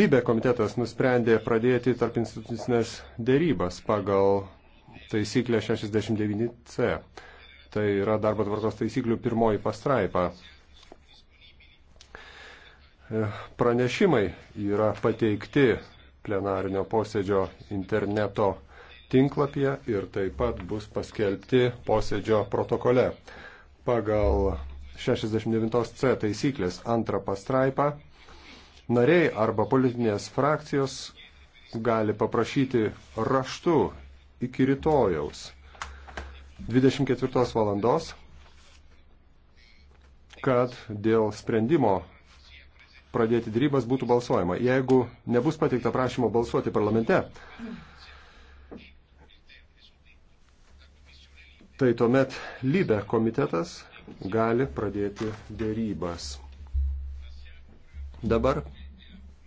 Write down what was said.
Libė komitetas nusprendė pradėti tarp institucinės dėrybas pagal taisyklę 69C. Tai yra darbo tvarkos taisyklių pirmoji pastraipa. Pranešimai yra pateikti plenarinio posėdžio interneto tinklapyje ir taip pat bus paskelbti posėdžio protokole. Pagal 69C taisyklės antrą pastraipą nariai arba politinės frakcijos gali paprašyti raštu iki rytojaus 24 valandos, kad dėl sprendimo pradėti dėrybas būtų balsuojama. Jeigu nebus pateikta prašymo balsuoti parlamente, tai tuomet lybe komitetas gali pradėti dėrybas. Dabar